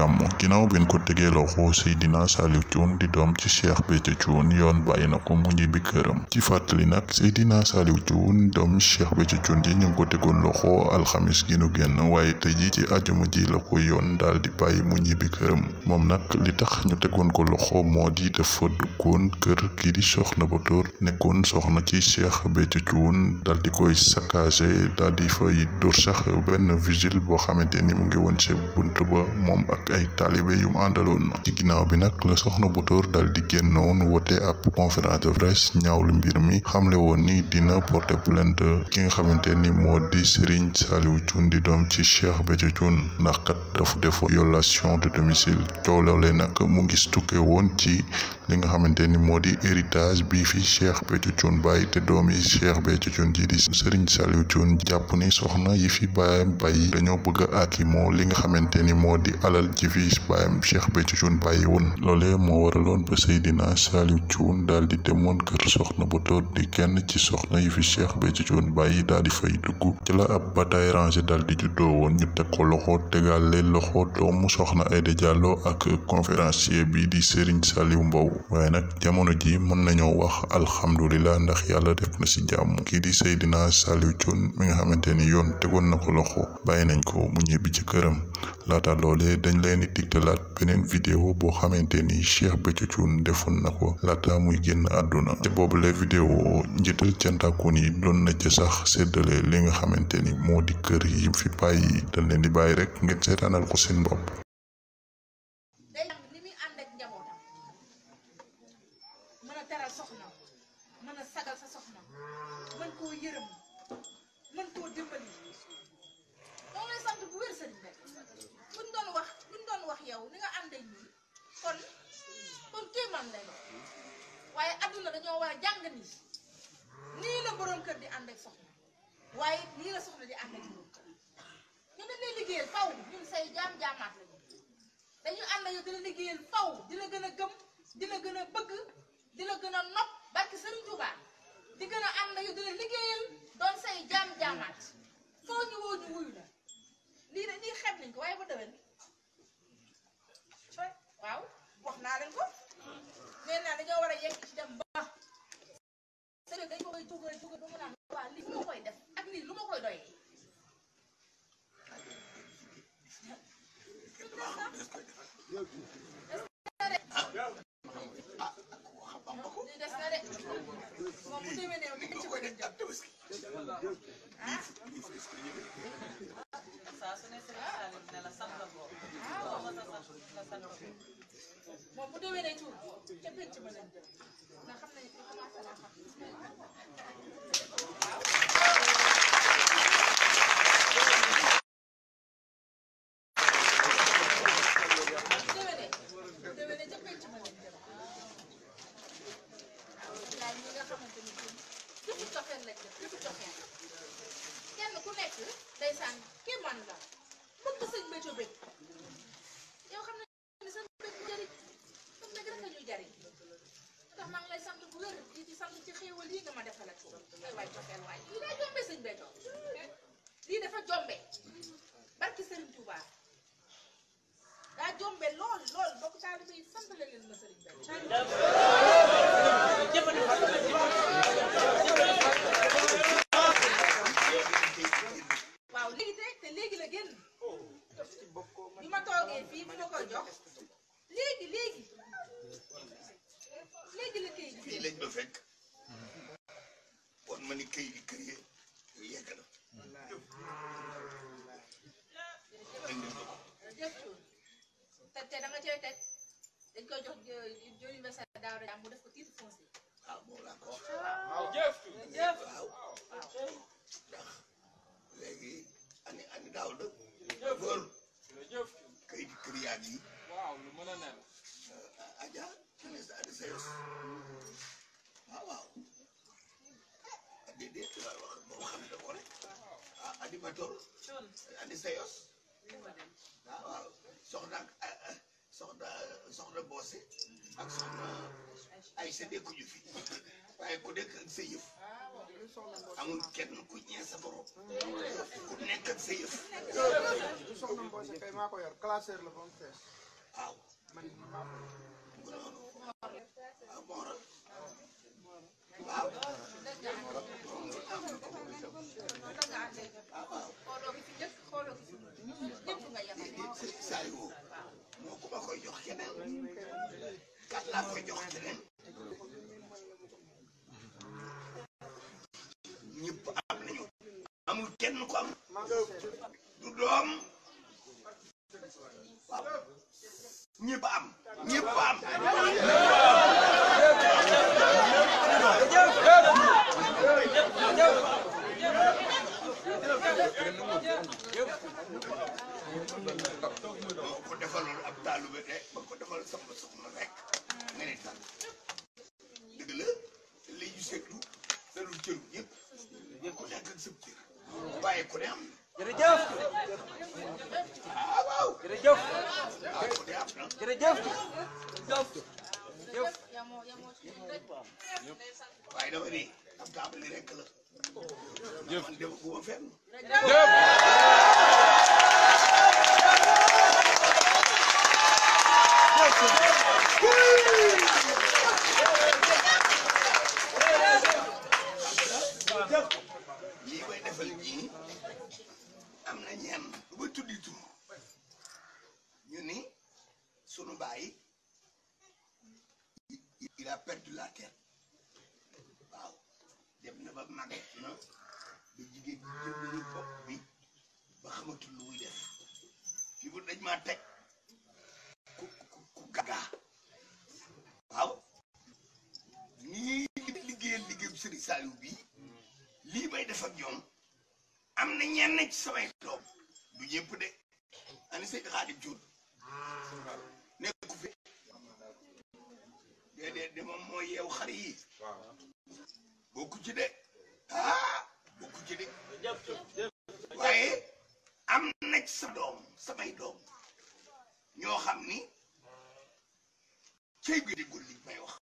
jàmm ginnaaw bi ñu ko tegee loxo Seydina Saliou Thioune di doom ci Cheikh Béthio Thioune yoon bàyyi na ko mu ñibbi këram ci fàttali nag Seydina Saliou Thioune doom Cheikh Béthio Thioune ji ñu ngi ko tegoon loxo alxamis gi nu génn waaye tey ji ci ajuma ji la ko yoon daal di bàyyi mu ñibbi këram moom nag li tax ñu tegoon ko loxoo moo di dafa duggoon kër kii di soxna ba tóor nekkoon soxna ci Cheikh Béthio Thioune dal di koy saccagé dal di fay dóor sax benn vigile boo xamante ni mu ngi woon ci moom ak ay taalibe yu mu àndaloon ci ginnaaw bi nag la soxna Butóor dal di génnoon woote ab conférence de presse ñaawlu mbir mi xamle woon ni dina porter plainte ki nga xamante ni moo di Serigne Saliou Thioune di doom ci Cheikh Béthio Thioune ndax kat dafa def violation de domicile coow loolee nag mu gis tukke woon ci li nga xamante ni moo di héritage bi fi Cheikh Béthio Thioune bàyyi te doom yi Cheikh Béthio Thioune ji di Serigne Saliou soxna yi fi baayam bàyyi dañoo bëgg a moo li nga xamante ni moo di alal ji fi baayam Cheikh Béthio Thioune bàyyi woon loolee moo waraloon ba Seydina Saliou Thioune daal di moon kër soxna bu toog di kenn ci soxna yi fi Cheikh Béthio Thioune bàyyi daal di fay dugg ci la ab bataille rangée daal di juddoo woon ñu teg ko loxo tegaale loxo doomu soxna Aïda Diallo ak conférencier bi di Serigne Saliou Mbow waaye nag jamono ji mën nañoo wax alhamdulilah ndax yàlla def na ci jàmm kii di Seydina Saliou Thioune mi nga xamante ni yoon tegoon na ko loxo bàyyi nañ ko mu ñibbi ci këram laata loolee dañ leen di digtalaat beneen vidéo boo xamante ni Cheikh Béthio Thioune defoon na ko laata muy génn àdduna te boobule vidéo njiital cantakoon yi doon na ci sax séddale li nga xamante ni moo di kër yi fi bàyyi dañ leen di bàyyi rek ngeen seetaanal ko seen bopp man koo yërëm man koo dimbali moom lay sant bu wér sëriñ bi buñ doon wax buñ doon wax yow ni nga ànd ak ñun kon kon kéemaan lay waaye adduna dañoo war a jàng nii nii la borom kër di ànd ak soxna waaye nii la soxna di ànd ak borom kër ñu liggéeyal faw ñun say jaam jaamaat lañu dañu ànd ak yow liggéeyal faw di gën a gëm di la gën a bëgg di la gën a nopp barki sëriñ Tuubaa di gën am na yu di liggéeyal doon say jaam-jaamaat foo ñu wuyu la lii de lii xeeb nañ ko waaye ba déwén waaw wax naa leen ko nee naa dañoo war a yegg ci dem ba sëriñ dañ ko koy tugal tugal ba mu naan waa lii lu ma koy def ak lii lu ma koy doy bu déwénee bi nga ci bëgg a jàpp. ah. saa su ne Serigne Salim ne la sant boobu. waaw waaw nga sant boobu. moom bu déwénee ci wut ca penc ba lañ jëm ndax xam nañ ne commencé naa xam. man la bëgg sëñ Béthio bëgg yow xam ne sëñ sëñ Béthio rek la ñuy jariñ ndax maa ngi lay sant bu wér ci sant ci yi nga ma ay waay cofeel waay lii daa jombe sëñ Béthio lii dafa daa jombe lool lool bokk taalibe yi sant leen ma Serigne Béthio waaw léegi tey te léegi la génn bi ma toogee fii bi ma koy jox léegi léegi léegi la kayit bi. fii lañ ma fekk. kon ma ni kayit bi kër yee yegg na. te te da nga cay teg dañ koy jox jëriñ université Daara Jàmm mu def ko titre foncier. waaw ah, moom laa ko wax. jëf jëf waaw. dafa toll. andi sa yos. ah waaw ak soxna soxna Boose ak soxna ay sa nekkuñu fi waaye ku nekk ak sa yëf amul kenn ku ñee sa borom ku nekk ak sa soxna Boose kay maa ko yor la ba fees. waaw man maa ko yor. waaw Mora. waaw. kenn ko am du doom am ñëpp am ko defaloon waaye ku ne am na. jërëjëf. ah waaw. jërëjëf. waaye ku ne am na. jërëjëf. jërëjëf. waaye dama ni ab table rek la. jëf man dem bu ma fenn. jëf. lii koy defal ñii am na ñeen lu ba tuddi ñu ni sunu baay il a perdu la tête waaw dem na ba màgget na ba jigéen ñi jël nañu bi ba xamatul lu muy def fi bu dañ maa teg ku ku ku gaga waaw nii liggéeyal liggéeyu Serigne Saliou bii lii may def ak ñoom am na ñenn ci samay doom du ñëpp de ani sëñ Xaadim Cuun nekku fi déedéet de moom moo yeew xar yi ku ci de ah bokku ci de waaye am na ci sa doom samay doom ñoo xam ni cey bi déggul li may wax